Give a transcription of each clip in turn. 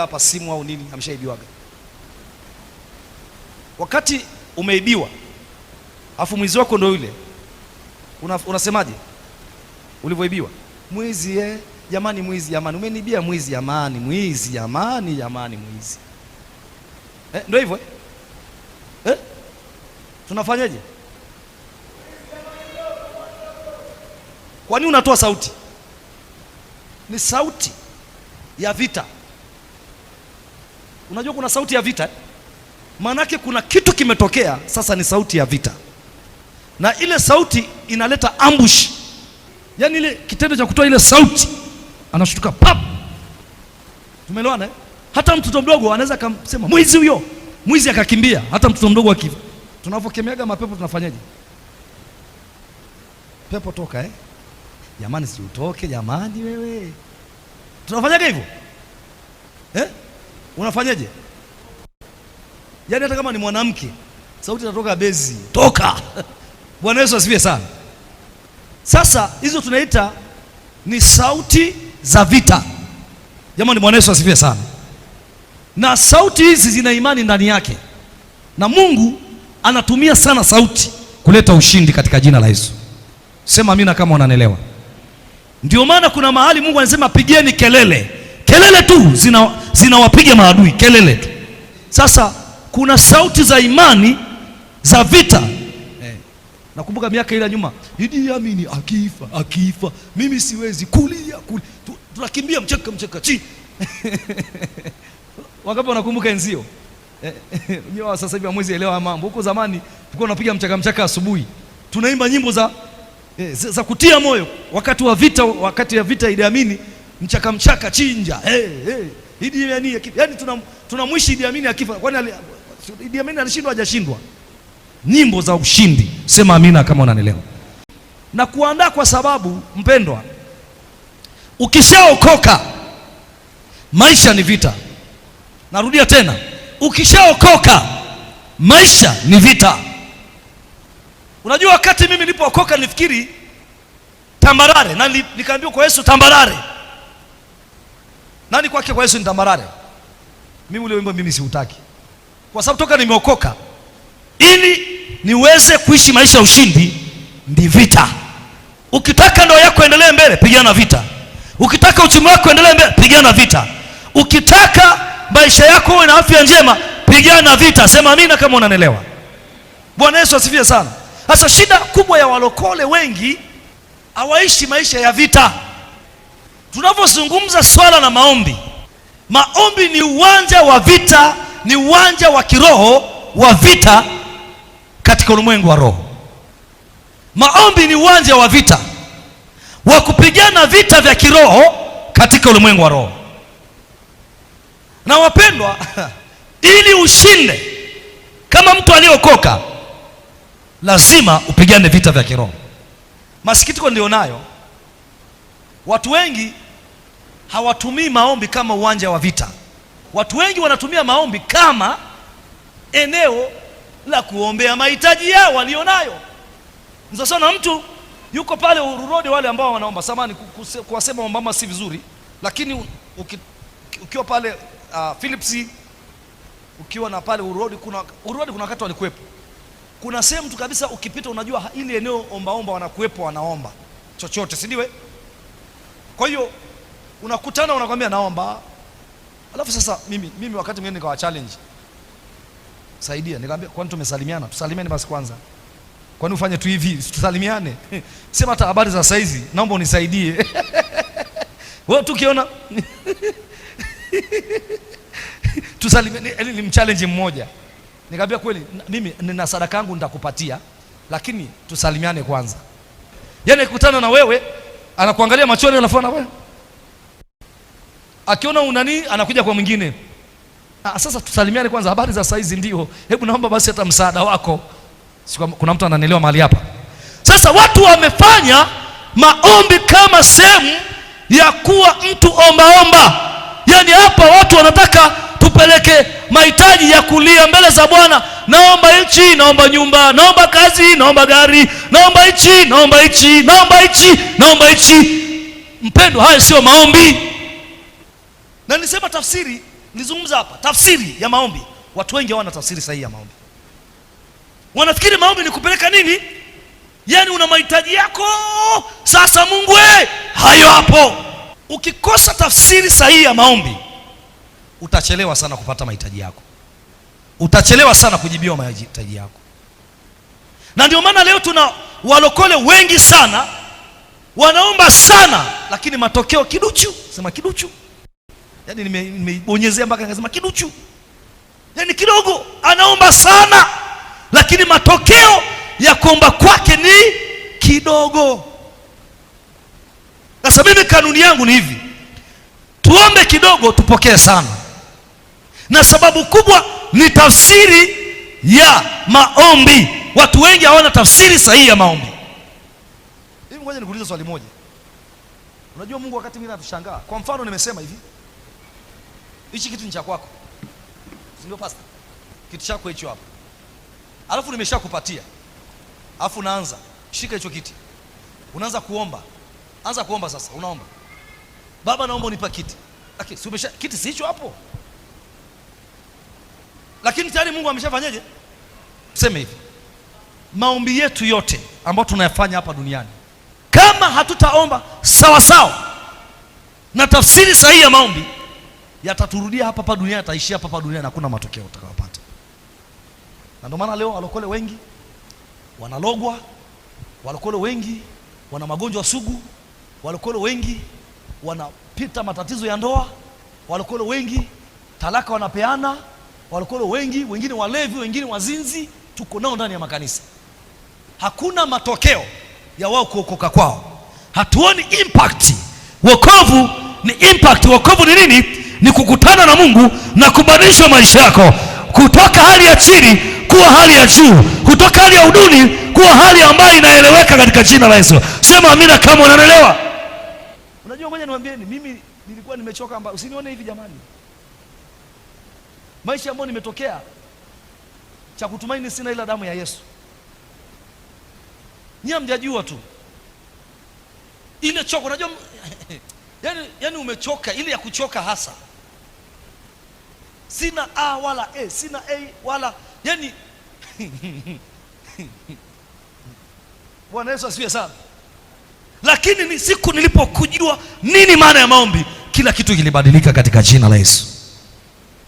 ameshaibiwaga hapa simu au nini, ameshaibiwaga. Wakati umeibiwa afu mwizi wako ndo yule, unasemaje? Una ulivyoibiwa mwizi, eh, jamani mwizi, jamani umenibia mwizi, jamani mwizi, jamani jamani mwizi, eh, ndio hivyo eh? Eh? Tunafanyaje? Kwani unatoa sauti? Ni sauti ya vita. Unajua kuna sauti ya vita, maanake kuna kitu kimetokea. Sasa ni sauti ya vita, na ile sauti inaleta ambush, yaani ile kitendo cha kutoa ile sauti, anashtuka pap. Tumeelewana eh? Hata mtoto mdogo anaweza akamsema mwizi huyo, mwizi akakimbia. Hata mtoto mdogo aki tunavyokemeaga mapepo tunafanyaje? Pepo toka eh? Jamani, siutoke jamani, wewe tunafanyaga hivyo eh? unafanyaje? Yaani hata kama ni mwanamke sauti inatoka bezi toka. Bwana Yesu asifiwe sana. Sasa hizo tunaita ni sauti za vita. Jamani, Bwana Yesu asifiwe sana. Na sauti hizi zina imani ndani yake, na Mungu anatumia sana sauti kuleta ushindi katika jina la Yesu. Sema amina kama unanielewa. Ndio maana kuna mahali Mungu anasema pigeni kelele, kelele tu zina zinawapiga maadui kelele tu. Sasa kuna sauti za imani za vita eh. Nakumbuka miaka ile nyuma, Idi Amini akifa akifa, mimi siwezi kulia, kulia. Tunakimbia mcheka mcheka chi wangapi wanakumbuka enzio eh, nyewa sasa hivi hamwezi elewa mambo. Huko zamani tulikuwa tunapiga mchaka mchaka asubuhi, tunaimba nyimbo za, eh, za kutia moyo wakati wa vita, wakati ya vita Idi Amini mchaka mchaka chinja hey, eh, eh. hey. Idi Amin akifa, yaani tunamwishi Idi Amin akifa. Kwani Idi Amin alishindwa? Hajashindwa. Nyimbo za ushindi, sema amina kama unanielewa. Na kuandaa kwa sababu, mpendwa, ukishaokoka maisha ni vita. Narudia tena, ukishaokoka maisha ni vita. Unajua wakati mimi nilipookoka nilifikiri tambarare, na nikaambiwa kwa Yesu tambarare nani kwake kwa Yesu ni tambarare. Mimi ule wimbo mimi siutaki, kwa sababu toka nimeokoka, ili niweze kuishi maisha ya ushindi ndi vita. Ukitaka ndoa yako endelee mbele, pigana vita. Ukitaka uchumi wako endelee mbele, pigana vita. Ukitaka maisha yako uwe na afya njema, pigana vita. Sema amina kama unanielewa. Bwana Yesu asifie sana. Sasa shida kubwa ya walokole wengi hawaishi maisha ya vita. Tunapozungumza swala la maombi, maombi ni uwanja wa vita, ni uwanja wa kiroho wa vita katika ulimwengu wa roho. Maombi ni uwanja wa vita wa kupigana vita vya kiroho katika ulimwengu wa roho. Na wapendwa, ili ushinde kama mtu aliyeokoka, lazima upigane vita vya kiroho. Masikitiko ndio nayo Watu wengi hawatumii maombi kama uwanja wa vita. Watu wengi wanatumia maombi kama eneo la kuombea mahitaji yao walionayo. Msasana mtu yuko pale ururodi wale ambao wanaomba samani, kuwasema mama si vizuri, lakini uki, ukiwa pale uh, Philips ukiwa na pale urodi, kuna urodi, kuna wakati walikuwepo, kuna sehemu tu kabisa ukipita, unajua ili eneo ombaomba wanakuwepo, wanaomba chochote, si ndiwe? Kwa hiyo unakutana unakwambia naomba, alafu sasa mimi, mimi wakati mwingine nikawa challenge saidia, nikamwambia kwani tumesalimiana? Tusalimiane basi kwanza, kwani ufanye tu hivi tusalimiane? Sema hata habari za saizi, naomba unisaidie wewe tukiona tusalimiane. Nilimchallenge mmoja nikamwambia kweli, mimi nina sadaka yangu nitakupatia, lakini tusalimiane kwanza. Yani kukutana na wewe anakuangalia machoni, unafanya wewe, akiona unani anakuja kwa mwingine. Ah, sasa tusalimiane kwanza, habari za saizi? Ndio, hebu naomba basi hata msaada wako. Sikuwa, kuna mtu ananielewa mahali hapa. Sasa watu wamefanya maombi kama sehemu ya kuwa mtu ombaomba omba. Yani hapa watu wanataka mahitaji ya kulia mbele za Bwana, naomba nchi, naomba nyumba, naomba kazi, naomba gari, naomba nchi, naomba nchi, naomba nchi, naomba nchi. Mpendwa, hayo sio maombi. Na nisema tafsiri, nilizungumza hapa tafsiri ya maombi. Watu wengi hawana tafsiri sahihi ya maombi, wanafikiri maombi ni kupeleka nini, yaani una mahitaji yako sasa Mungu we, eh, hayo hapo. Ukikosa tafsiri sahihi ya maombi utachelewa sana kupata mahitaji yako, utachelewa sana kujibiwa mahitaji yako. Na ndio maana leo tuna walokole wengi sana wanaomba sana, lakini matokeo kiduchu. Sema kiduchu, yaani nimeibonyezea mpaka nikasema kiduchu, yaani kidogo. Anaomba sana, lakini matokeo ya kuomba kwake ni kidogo. Sasa mimi kanuni yangu ni hivi, tuombe kidogo tupokee sana na sababu kubwa ni tafsiri ya maombi. Watu wengi hawana tafsiri sahihi ya maombi. Hivi ngoja nikuulize swali moja. Unajua Mungu wakati mwingine natushangaa Kwa mfano nimesema hivi, hichi kitu ni cha kwako, si ndio pastor? Kitu chako hicho hapo, alafu nimeshakupatia, alafu naanza shika hicho kiti, unaanza kuomba, anza kuomba sasa. Unaomba, Baba, naomba unipa kiti. Lakini si umesha kiti si hicho hapo lakini tayari Mungu ameshafanyaje? Tuseme hivi, maombi yetu yote ambayo tunayafanya hapa duniani, kama hatutaomba sawa sawa na tafsiri sahihi ya maombi, yataturudia hapa hapa duniani, yataishia hapa hapa duniani, hakuna matokeo utakayopata. Na ndio maana leo walokole wengi wanalogwa, walokole wengi wana magonjwa sugu, walokole wengi wanapita matatizo ya ndoa, walokole wengi talaka wanapeana walokole wengi, wengine walevi, wengine wazinzi, tuko nao ndani ya makanisa. Hakuna matokeo ya wao kuokoka kwao, hatuoni impact. Wokovu ni impact. Wokovu ni nini? Ni kukutana na Mungu na kubadilisha maisha yako kutoka hali ya chini kuwa hali ya juu, kutoka hali ya uduni kuwa hali ambayo inaeleweka katika jina la Yesu. Sema amina kama unanielewa. Unajua, ngoja niwaambieni, mimi nilikuwa nimechoka, usinione hivi jamani maisha ambayo nimetokea, cha kutumaini sina ila damu ya Yesu. Nyie mjajua tu ile choko, unajua yani, yani umechoka ile ya kuchoka hasa. Sina a wala e, sina a wala yani Bwana Yesu asifiwe sana. Lakini ni siku nilipokujua nini maana ya maombi, kila kitu kilibadilika katika jina la Yesu.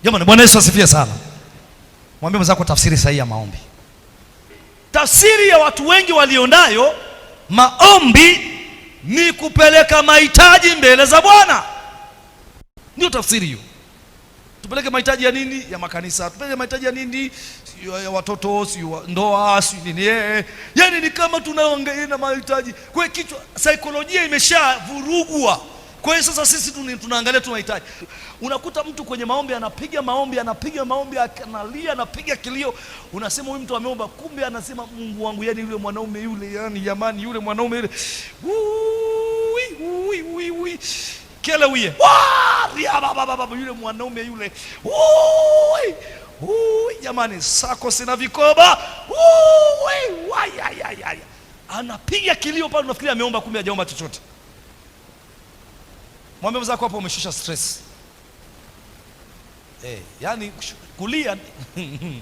Jamani, Bwana Yesu asifiwe sana. Mwambie mwenzako tafsiri sahihi ya maombi. Tafsiri ya watu wengi walionayo maombi ni kupeleka mahitaji mbele za Bwana, ndio tafsiri hiyo. Tupeleke mahitaji ya nini? Ya makanisa, tupeleke mahitaji ya nini? Ya watoto, wa ndoa, si nini? Eh, eh. Yaani ni kama tunaongea na mahitaji, kwa kichwa, saikolojia imeshavurugwa kwa hiyo sasa sisi tunaangalia tunahitaji Unakuta mtu kwenye maombi anapiga maombi anapiga maombi akanalia anapiga kilio, unasema huyu mtu ameomba, kumbe anasema Mungu wangu, yani yule mwanaume yule, yani jamani, yule mwanaume yule kele uye yule mwanaume yule, jamani, sako sina vikoba, anapiga kilio pale, unafikiria ameomba, kumbe hajaomba chochote. Mwambie mwenzako hapo umeshusha stress. Eh, yani kulia eh,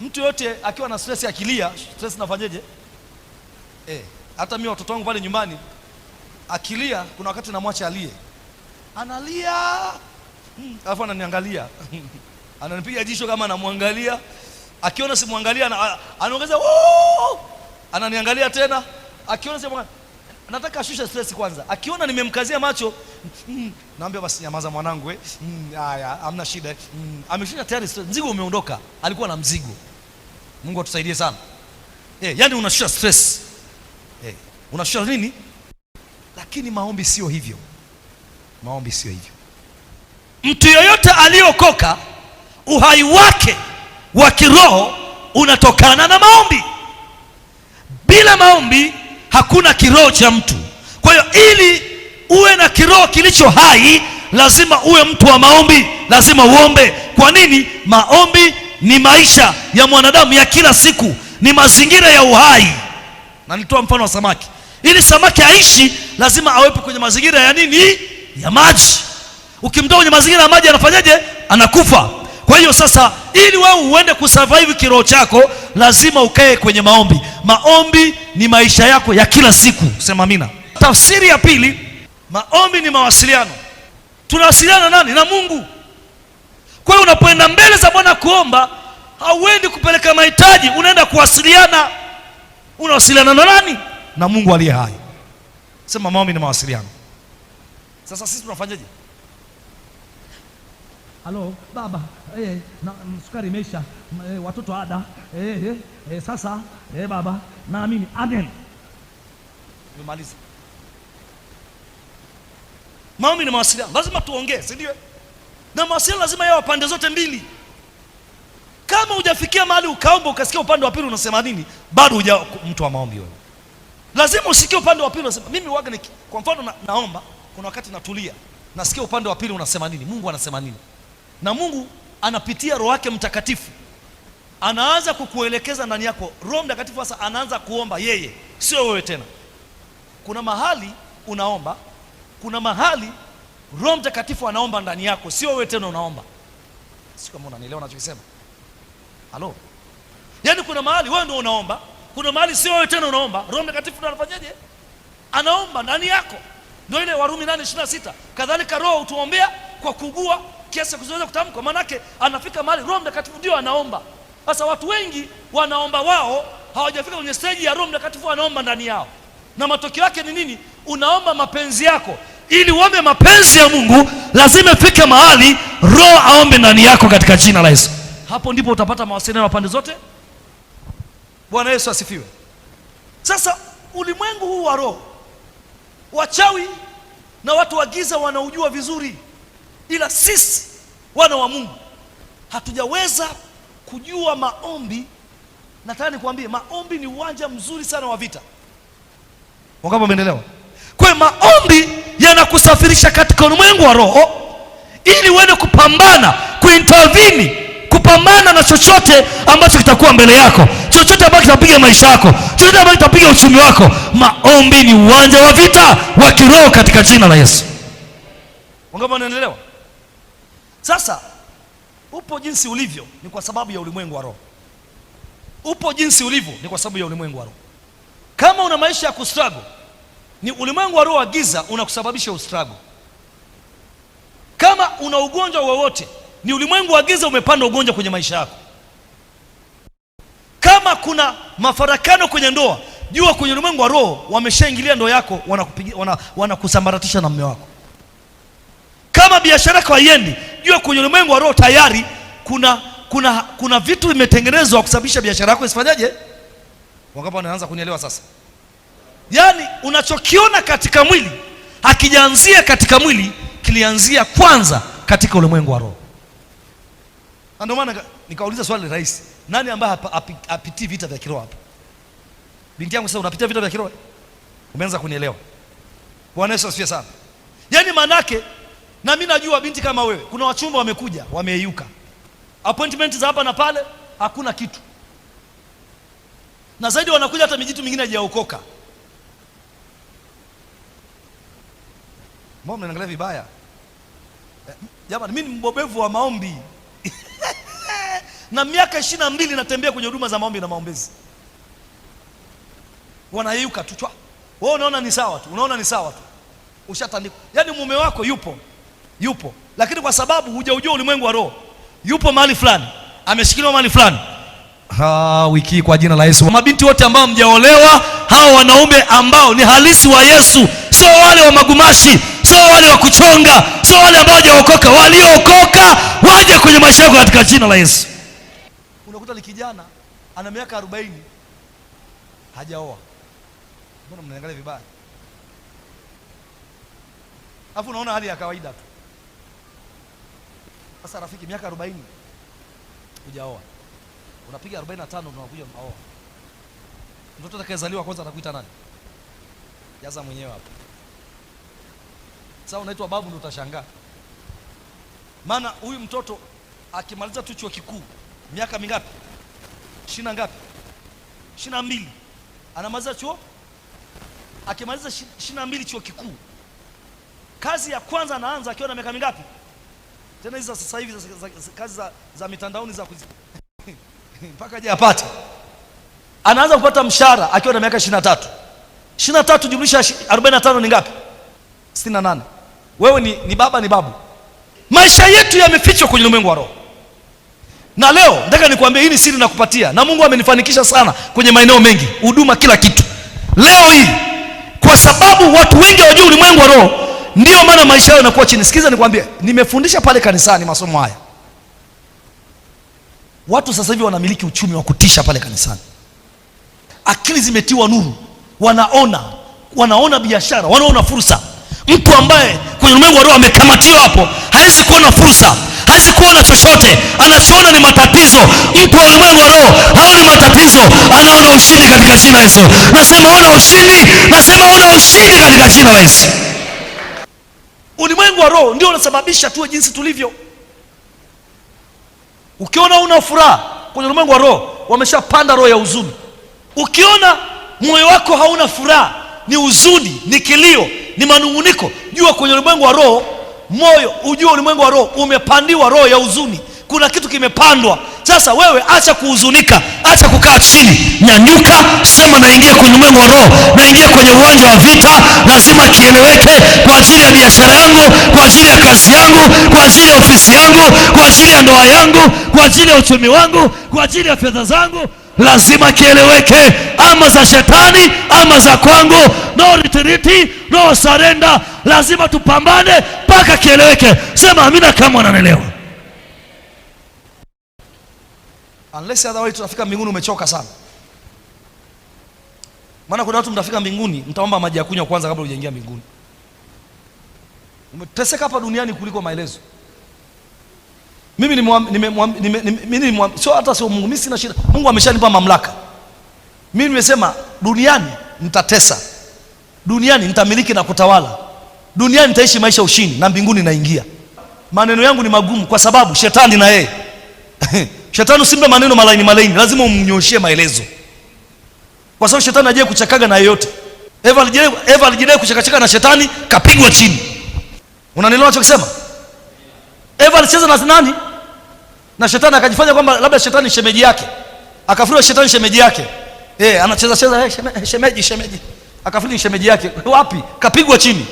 mtu yote akiwa na stress akilia, stress nafanyeje? Eh, hata mimi watoto wangu pale nyumbani akilia, kuna wakati namwacha alie, analia hmm, alafu ananiangalia ananipiga jicho kama anamwangalia, akiona simwangalia anaongeza, ananiangalia tena, akiona simwangalia nataka ashushe stress kwanza. Akiona nimemkazia macho mm, mm naambia basi nyamaza mwanangu eh, mm, haya hamna shida eh. mm, ameshusha tayari stress, mzigo umeondoka. Alikuwa na mzigo. Mungu atusaidie sana eh, yani unashusha stress eh, unashusha nini? Lakini maombi sio hivyo, maombi sio hivyo. Mtu yoyote aliyokoka uhai wake wa kiroho unatokana na maombi. Bila maombi hakuna kiroho cha mtu. Kwa hiyo ili uwe na kiroho kilicho hai, lazima uwe mtu wa maombi, lazima uombe. Kwa nini? Maombi ni maisha ya mwanadamu ya kila siku, ni mazingira ya uhai. Na nitoa mfano wa samaki. Ili samaki aishi, lazima awepo kwenye mazingira ya nini? Ya maji. Ukimtoa kwenye mazingira ya maji, anafanyaje? Anakufa. Kwa hiyo sasa, ili wewe uende kusurvive kiroho chako, lazima ukae kwenye maombi. Maombi ni maisha yako ya kila siku, sema amina. Tafsiri ya pili, maombi ni mawasiliano. Tunawasiliana nani? Na Mungu. Kwa hiyo unapoenda mbele za Bwana kuomba, hauendi kupeleka mahitaji, unaenda kuwasiliana. Unawasiliana na nani? Na Mungu aliye hai. Sema maombi ni mawasiliano. Sasa sisi tunafanyaje? Halo baba eh, na sukari imeisha eh, watoto ada eh, eh, eh, sasa eh, baba naamini amen. Nimemaliza. Maombi ni mawasiliano, lazima tuongee, si ndio? Na mawasiliano lazima yawe pande zote mbili. Kama hujafikia mahali ukaomba ukasikia upande wa pili unasema nini, bado huja mtu wa maombi wewe. Lazima usikie upande wa pili unasema mimi waga. Kwa mfano na, naomba kuna wakati natulia, nasikia upande wa pili unasema nini, Mungu anasema nini na Mungu anapitia roho yake mtakatifu, anaanza kukuelekeza ndani yako. Roho Mtakatifu sasa anaanza kuomba yeye, sio wewe tena. Kuna mahali unaomba, kuna mahali Roho Mtakatifu anaomba ndani yako, sio wewe tena unaomba. Sio kama unanielewa nachokisema? Halo, yaani kuna mahali wewe ndio unaomba, kuna mahali sio wewe tena unaomba. Roho Mtakatifu ndio anafanyaje? Anaomba ndani yako. Ndio ile Warumi 8:26 kadhalika Roho utuombea kwa kugua kiasi ya kuziweza kutamkwa, maanake anafika mahali Roho Mtakatifu ndio anaomba. Sasa watu wengi wanaomba wao, hawajafika kwenye steji ya Roho Mtakatifu anaomba ndani yao, na matokeo yake ni nini? Unaomba mapenzi yako. Ili uombe mapenzi ya Mungu lazima ifike mahali Roho aombe ndani yako katika jina la Yesu. Hapo ndipo utapata mawasiliano ya pande zote. Bwana Yesu asifiwe. Sasa ulimwengu huu wa roho, wachawi na watu wa giza wanaujua vizuri ila sisi wana wa Mungu hatujaweza kujua maombi. Nataka nikwambie, maombi ni uwanja mzuri sana wa vita. Wangapi umeendelewa. Kwa maombi yanakusafirisha katika ulimwengu wa roho ili uende kupambana, kuintervene, kupambana na chochote ambacho kitakuwa mbele yako, chochote ambacho kitapiga maisha yako, chochote ambacho kitapiga uchumi wako. Maombi ni uwanja wa vita wa kiroho katika jina la Yesu. Wangapi wanaelewa? Sasa upo jinsi ulivyo ni kwa sababu ya ulimwengu wa roho. Upo jinsi ulivyo ni kwa sababu ya ulimwengu wa roho. Kama una maisha ya kustruggle, ni ulimwengu wa roho wa giza unakusababisha ustruggle. Kama una ugonjwa wowote, ni ulimwengu wa giza umepanda ugonjwa kwenye maisha yako. Kama kuna mafarakano kwenye ndoa, jua kwenye ulimwengu wa roho wameshaingilia ndoa yako, wanakusambaratisha wana, wana na mume wako kama biashara yako haiendi, jua kwenye ulimwengu wa roho tayari kuna kuna kuna vitu vimetengenezwa kusababisha biashara yako isifanyaje. Wangapi wanaanza kunielewa sasa? Yaani unachokiona katika mwili hakijaanzia katika mwili, kilianzia kwanza katika ulimwengu wa roho. Ndio maana nikauliza swali rahisi, nani ambaye hapitii vita vya kiroho hapa? Binti yangu sasa, unapitia vita vya kiroho? Umeanza kunielewa? Bwana Yesu asifiwe sana. Yaani maanake na mimi najua binti kama wewe, kuna wachumba wamekuja wameyuka, appointment za hapa na pale, hakuna kitu, na zaidi wanakuja hata mijitu mingine haijaokoka. Mbona mnaangalia vibaya eh, jamani? Mimi ni mbobevu wa maombi na miaka ishirini na mbili natembea kwenye huduma za maombi na maombezi, wanayeyuka tu chwa. Wewe unaona ni sawa tu, unaona ni sawa tu, ushatandikwa. Yaani mume wako yupo yupo, lakini kwa sababu hujaujua ulimwengu wa roho, yupo mahali fulani, ameshikiliwa mahali fulani. Ha, wiki kwa jina la Yesu, mabinti wote ambao mjaolewa, hawa wanaume ambao ni halisi wa Yesu, sio wale wa magumashi, sio wale wa kuchonga, sio wale ambao hawajaokoka. Waliookoka waje kwenye maisha yako katika jina la Yesu. Unakuta ni kijana ana miaka 40 hajaoa. Mbona mnaangalia vibaya? Alafu unaona hali ya kawaida tu. Sasa rafiki, miaka 40 hujaoa, unapiga 45 unakuja unaoa. Mtoto atakayezaliwa kwanza atakuita nani? Jaza mwenyewe hapo. Sasa unaitwa babu, ndio utashangaa. Maana huyu mtoto akimaliza tu chuo kikuu miaka mingapi? ishirini na ngapi? ishirini na mbili anamaliza chuo, akimaliza ishirini na mbili chuo kikuu, kazi ya kwanza anaanza akiwa na miaka mingapi? tena hizi za sasa hivi kazi za, za mitandaoni za mpaka je apate anaanza kupata mshahara akiwa na miaka 23. 23 jumlisha 45 ni ngapi? 68. Wewe ni, ni baba ni babu. Maisha yetu yamefichwa kwenye ulimwengu wa roho, na leo nataka nikuambie hii ni siri nakupatia, na Mungu amenifanikisha sana kwenye maeneo mengi, huduma, kila kitu. Leo hii kwa sababu watu wengi hawajui ulimwengu wa roho Ndiyo maana maisha yao yanakuwa chini. Sikiza nikwambie, nimefundisha pale kanisani masomo haya. Watu sasa hivi wanamiliki uchumi wa kutisha pale kanisani, akili zimetiwa nuru, wanaona wanaona biashara, wanaona fursa. Mtu ambaye kwenye ulimwengu wa roho amekamatiwa hapo, hawezi kuona fursa, hawezi kuona chochote, anachoona ni matatizo. Mtu wa ulimwengu wa roho haoni matatizo, anaona ushindi katika jina Yesu. Nasema ona ushindi, nasema ona ushindi katika jina Yesu. Ulimwengu wa roho ndio unasababisha tuwe jinsi tulivyo. Ukiona una furaha kwenye ulimwengu wa roho, wameshapanda roho ya huzuni. Ukiona moyo wako hauna furaha, ni huzuni, ni kilio, ni manunguniko, jua kwenye ulimwengu wa roho moyo, ujua ulimwengu wa roho umepandiwa roho ya huzuni kuna kitu kimepandwa. Sasa wewe acha kuhuzunika, acha kukaa chini, nyanyuka, sema naingia kwenye ulimwengu wa roho, naingia kwenye uwanja wa vita, lazima kieleweke, kwa ajili ya biashara yangu, kwa ajili ya kazi yangu, kwa ajili ya ofisi yangu, kwa ajili ya ndoa yangu, kwa ajili ya uchumi wangu, kwa ajili ya fedha zangu, lazima kieleweke, ama za shetani ama za kwangu. No retreat, no surrender, lazima tupambane mpaka kieleweke. Sema amina kama unanielewa. Unless otherwise tutafika mbinguni umechoka sana. Maana kuna watu mtafika mbinguni mtaomba maji ya kunywa kwanza kabla hujaingia mbinguni. Umeteseka hapa duniani kuliko maelezo. Mimi ni sio hata sio Mungu, mimi sina shida. Mungu ameshanipa mamlaka. Mimi nimesema duniani nitatesa. Duniani nitamiliki na kutawala. Duniani nitaishi maisha ushini na mbinguni naingia. Maneno yangu ni magumu kwa sababu shetani na yeye Shetani usimpe maneno malaini malaini, lazima umnyoshie maelezo, kwa sababu shetani ajaye kuchakaga na yeyote. Eva alijaye Eva alijaye kuchakachaka na shetani, kapigwa chini. Unanielewa nachokisema? Eva alicheza na nani? Na shetani, akajifanya kwamba labda shetani shemeji yake, akafikiria shetani shemeji yake eh, anacheza cheza eh, eh shemeji shemeji, shemeji. Akafikiria shemeji yake wapi? Kapigwa chini.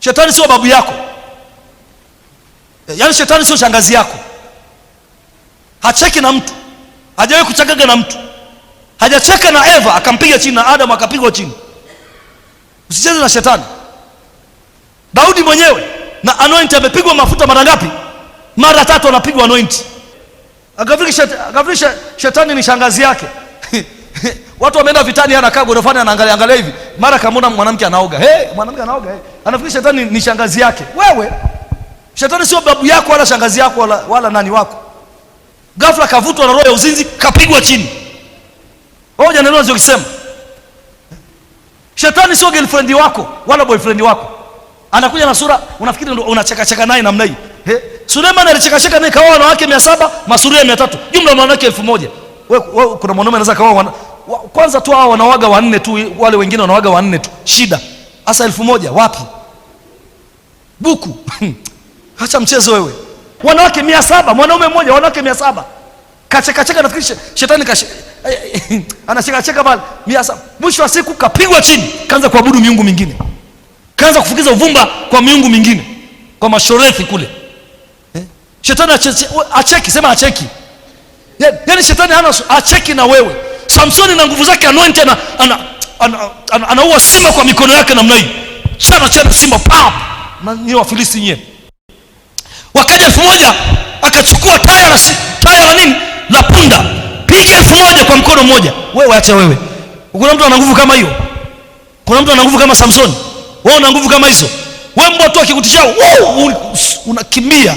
Shetani sio babu yako, eh, yaani shetani sio shangazi yako hacheki na mtu, hajawahi kuchagaga na mtu, hajacheka na Eva akampiga chini na Adamu akapigwa chini. Usicheze na shetani. Daudi mwenyewe na anointi amepigwa mafuta mara ngapi? Mara tatu anapigwa anointi, akafikisha shetani ni shangazi yake Watu wameenda vitani, anakaa gorofani, anaangalia angalia hivi, mara kamona mwanamke anaoga. Hey, mwanamke anaoga hey. Anafikiri shetani ni shangazi yake. Wewe shetani sio babu yako wala shangazi yako wala, wala nani wako ghafla kavutwa na roho ya uzinzi, kapigwa chini. Hoja na nazokisema, shetani sio girlfriend wako wala boyfriend wako, anakuja na sura unafikiri unachekacheka naye namna hii. he Suleiman alichekacheka naye kaoa wanawake 700 masuria 300 jumla wanawake 1000 wewe we, kuna mwanaume anaweza kaoa wana... kwanza tu hao wanawaga wanne tu, wale wengine wanawaga wanne tu, shida hasa 1000 wapi buku? Acha mchezo wewe wanawake mia saba mwanaume mmoja, wanawake mia saba Kachekacheka, nafikiri shetani eh, eh, anachekacheka pale, mia saba Mwisho wa siku kapigwa chini, kaanza kuabudu miungu mingine, kaanza kufukiza uvumba kwa miungu mingine, kwa mashorethi kule eh? Shetani acheki, acheki sema acheki yaani, yani shetani hana acheki na wewe. Samsoni na nguvu zake anointi, ana ana anaua ana, ana, ana simba kwa mikono yake namna hii, chana chana simba pap, ni Wafilisti nyewe wakaja elfu moja akachukua taya la, taya la nini la punda, piga elfu moja kwa mkono mmoja. We acha wewe, kuna mtu ana nguvu kama hiyo? Kuna mtu ana nguvu kama Samsoni? We una nguvu kama hizo? We mbwa tu akikutisha unakimbia.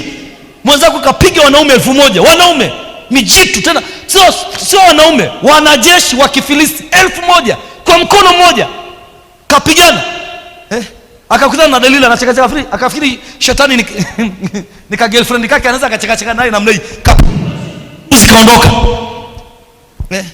Mwenzako kapiga wanaume elfu moja wanaume mijitu tena, sio sio wanaume, wanajeshi wa Kifilisti elfu moja kwa mkono mmoja kapigana eh? akakutana na Delila anachekacheka free, akafikiri shetani ni ka girlfriend kake anaweza akachekacheka naye namna hii usikaondoka. Eh,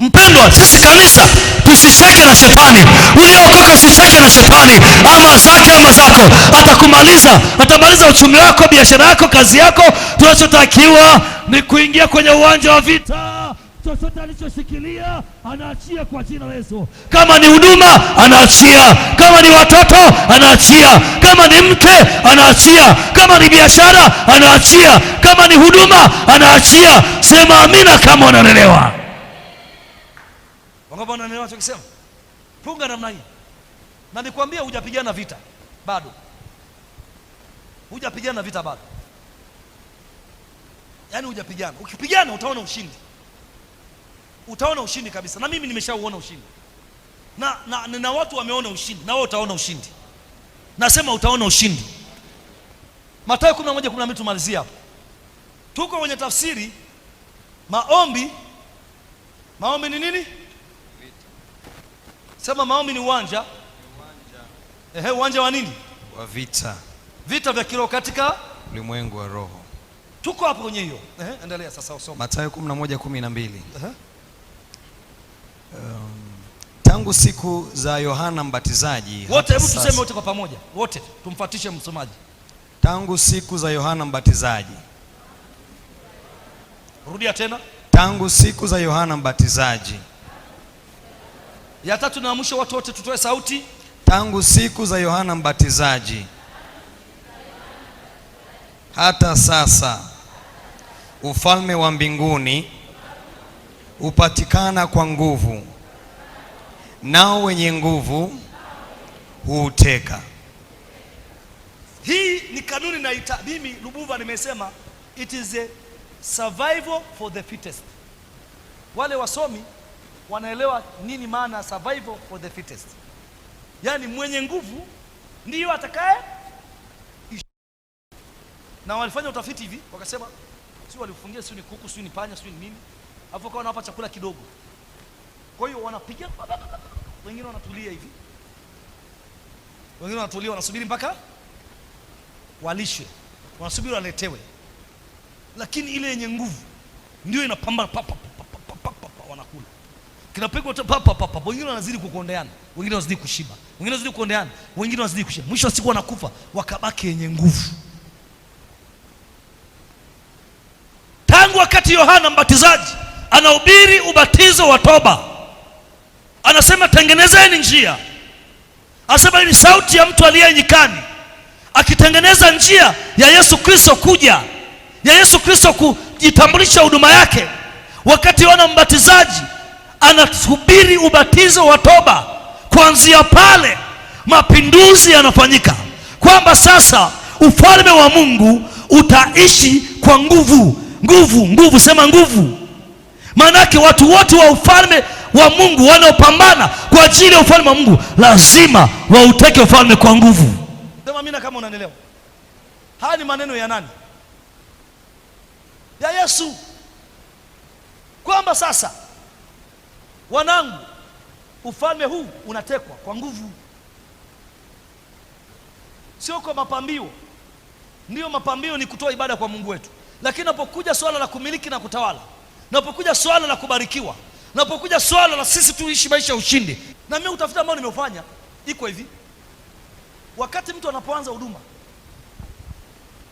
mpendwa, sisi kanisa tusicheke na shetani. Uliokoka usishake na shetani, ama zake ama zako, atakumaliza atamaliza uchumi wako, biashara yako, kazi yako. Tunachotakiwa ni kuingia kwenye uwanja wa vita chochote alichoshikilia anaachia kwa jina la Yesu. Kama ni huduma anaachia, kama ni watoto anaachia, kama ni mke anaachia, kama ni biashara anaachia, kama ni huduma anaachia. Sema amina kama unanelewa. Wangapi wananelewa chokisema? Funga namna hii, na nikwambia, hujapigana vita bado, hujapigana vita bado, yaani hujapigana. Ukipigana utaona ushindi utaona ushindi kabisa, na mimi nimeshauona ushindi na, na, na watu wameona ushindi na wewe utaona ushindi. Nasema utaona ushindi. Mathayo 11:12 tumalizia hapo, tuko kwenye tafsiri. Maombi, maombi ni nini? Sema maombi ni uwanja. Ehe, uwanja wa nini? Wa vita, vita vya kiroho katika ulimwengu wa roho. Tuko hapo kwenye hiyo. Ehe, endelea sasa, usome Mathayo 11:12. Ehe. Um, tangu siku za Yohana Mbatizaji. Wote hebu tuseme wote kwa pamoja, wote tumfuatishe msomaji. Tangu siku za Yohana Mbatizaji. Rudia tena. Tangu siku za Yohana Mbatizaji. Ya tatu na mwisho, watu wote tutoe sauti. Tangu siku za Yohana Mbatizaji hata sasa ufalme wa mbinguni hupatikana kwa nguvu, nao wenye nguvu huuteka. Hii ni kanuni naita mimi Lubuva, nimesema it is a survival for the fittest. Wale wasomi wanaelewa nini maana survival for the fittest, yaani mwenye nguvu ndiyo atakaye na walifanya utafiti hivi, wakasema si walifungia, si ni kuku, si ni panya, si ni nini alafu kwa wanawapa chakula kidogo. Kwa hiyo wanapiga, wengine wanatulia hivi, wengine wanatulia, wanasubiri mpaka walishwe, wanasubiri waletewe. Lakini ile yenye nguvu ndio inapambana, wanakula kinapigwa papa papa, wengine wanazidi kukondeana, wengine wanazidi kushiba, wengine wanazidi kukondeana, wengine wanazidi kushiba. Mwisho wa siku wanakufa, wakabaki yenye nguvu. Tangu wakati Yohana Mbatizaji anahubiri ubatizo wa toba, anasema tengenezeni njia. Anasema ni sauti ya mtu aliye nyikani akitengeneza njia ya Yesu Kristo kuja, ya Yesu Kristo kujitambulisha huduma yake. Wakati wana Mbatizaji anahubiri ubatizo wa toba, kuanzia pale mapinduzi yanafanyika, kwamba sasa ufalme wa Mungu utaishi kwa nguvu, nguvu, nguvu, sema nguvu Maanake watu wote wa ufalme wa Mungu wanaopambana kwa ajili ya ufalme wa Mungu lazima wauteke ufalme kwa nguvu. Sema mimi kama unanielewa. Haya ni maneno ya nani? Ya Yesu, kwamba sasa, wanangu, ufalme huu unatekwa kwa nguvu, sio kwa mapambio. Ndiyo, mapambio ni kutoa ibada kwa Mungu wetu, lakini napokuja swala la kumiliki na kutawala Napokuja swala la kubarikiwa, napokuja swala la sisi tuishi maisha ya ushindi, na mimi utafiti ambao nimeufanya iko hivi: wakati mtu anapoanza huduma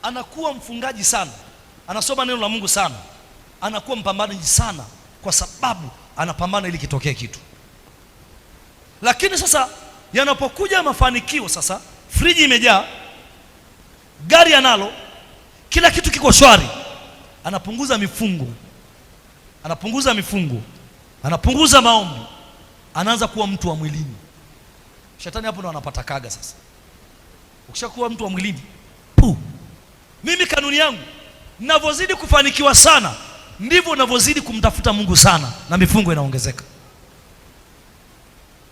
anakuwa mfungaji sana, anasoma neno la Mungu sana, anakuwa mpambanaji sana, kwa sababu anapambana ili kitokee kitu. Lakini sasa yanapokuja mafanikio, sasa friji imejaa, gari analo, kila kitu kiko shwari, anapunguza mifungo anapunguza mifungo, anapunguza maombi, anaanza kuwa mtu wa mwilini. Shetani hapo ndo anapata kaga sasa. Ukishakuwa mtu wa mwilini pu. Mimi kanuni yangu, ninavyozidi kufanikiwa sana ndivyo unavyozidi kumtafuta Mungu sana na mifungo inaongezeka.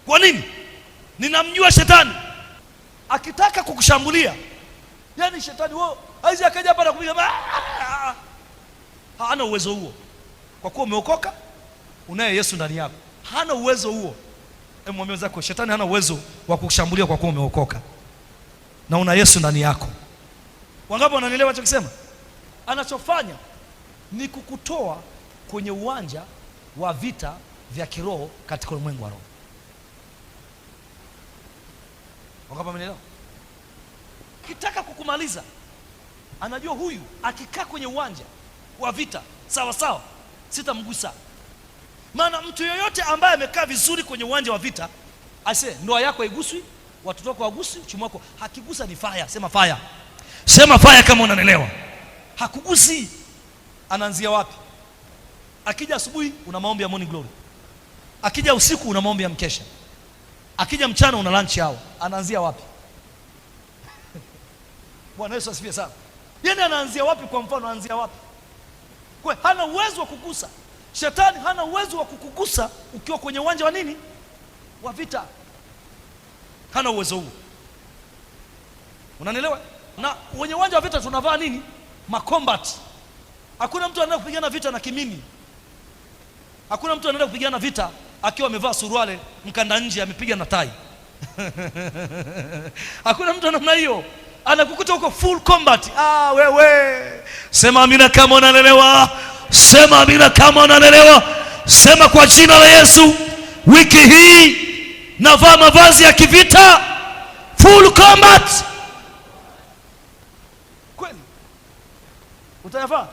Kwa nini? Ninamjua shetani akitaka kukushambulia, yaani shetani wao haizi akaja hapa na kupiga, hana uwezo huo kwa kuwa umeokoka, unaye Yesu ndani yako. Hana uwezo huo. Hebu mwambie wenzako, shetani hana uwezo wa kukushambulia kwa kuwa umeokoka na una Yesu ndani yako. Wangapi wananielewa anachokisema? Anachofanya ni kukutoa kwenye uwanja wa vita vya kiroho katika ulimwengu wa roho. Wangapi wamenielewa? Kitaka kukumaliza, anajua huyu akikaa kwenye uwanja wa vita sawa sawa sitamgusa. Maana mtu yoyote ambaye amekaa vizuri kwenye uwanja wa vita, ase ndoa yako haiguswi, watoto wako hawaguswi, uchumi wako hakigusa, ni faya. Sema faya, sema faya kama unanelewa, hakugusi. Anaanzia wapi? Akija asubuhi una maombi ya morning glory, akija usiku una maombi ya mkesha, akija mchana una lunch hour. Anaanzia wapi? Bwana Yesu asifiwe sana. Yeye yaani anaanzia wapi? Kwa mfano, anaanzia wapi? Kwa hana uwezo wa kukusa, shetani hana uwezo wa kukugusa ukiwa kwenye uwanja wa nini, wa vita. Hana uwezo huo, unanielewa? Na kwenye uwanja wa vita tunavaa nini? Makombati. Hakuna mtu anaenda kupigana vita na kimini. Hakuna mtu anaenda kupigana vita akiwa amevaa suruale mkanda nje, amepiga na tai. Hakuna mtu namna hiyo anakukuta uko full combat. Ah, wewe sema amina kama unanelewa, sema amina kama unanelewa, sema kwa jina la Yesu, wiki hii navaa mavazi ya kivita, full combat. Kweli utayavaa?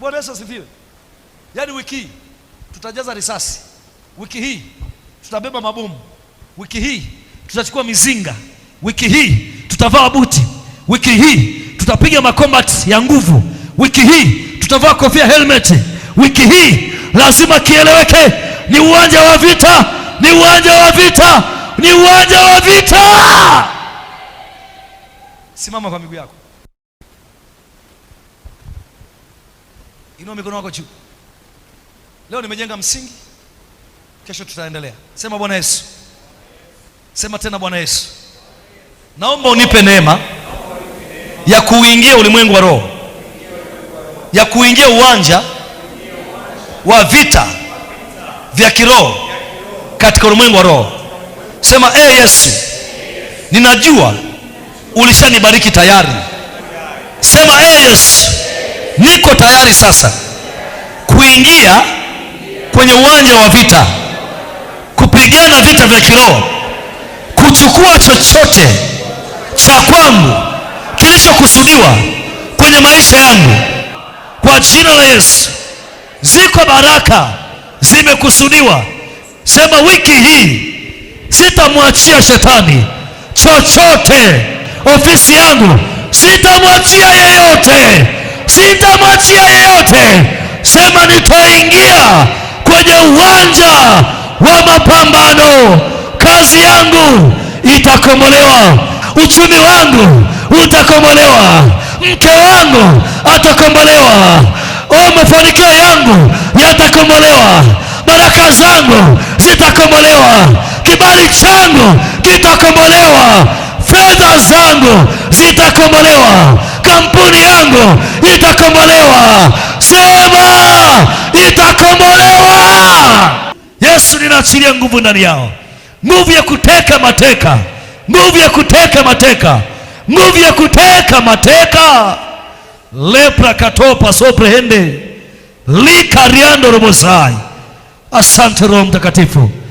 Bwana Yesu asifiwe. Yaani wiki hii tutajaza risasi, wiki hii tutabeba mabomu, wiki hii tutachukua mizinga, wiki hii tutavaa buti wiki hii, tutapiga makombat ya nguvu wiki hii, tutavaa kofia helmet wiki hii. Lazima kieleweke, ni uwanja wa vita, ni uwanja wa vita, ni uwanja wa vita. Simama kwa miguu yako, inua mikono yako juu. Leo nimejenga msingi, kesho tutaendelea. Sema Bwana Yesu, sema tena Bwana Yesu. Naomba unipe neema ya kuingia ulimwengu wa roho, ya kuingia uwanja wa vita vya kiroho katika ulimwengu wa roho. Sema e Yesu, ninajua ulishanibariki tayari. Sema e Yesu, niko tayari sasa kuingia kwenye uwanja wa vita, kupigana vita vya kiroho, kuchukua chochote cha kwangu kilichokusudiwa kwenye maisha yangu kwa jina la Yesu. Ziko baraka zimekusudiwa. Sema wiki hii sitamwachia shetani chochote. Ofisi yangu sitamwachia yeyote, sitamwachia yeyote. Sema nitaingia kwenye uwanja wa mapambano, kazi yangu itakombolewa uchumi wangu utakombolewa, mke wangu atakombolewa, o oh, mafanikio yangu yatakombolewa, baraka zangu zitakombolewa, kibali changu kitakombolewa, fedha zangu zitakombolewa, kampuni yangu itakombolewa. Sema itakombolewa. Yesu, ninaachilia nguvu ndani yao, nguvu ya kuteka mateka nguvu ya kuteka mateka, nguvu ya kuteka mateka. lepra katopa soprehende likariando robozai. Asante Roho Mtakatifu.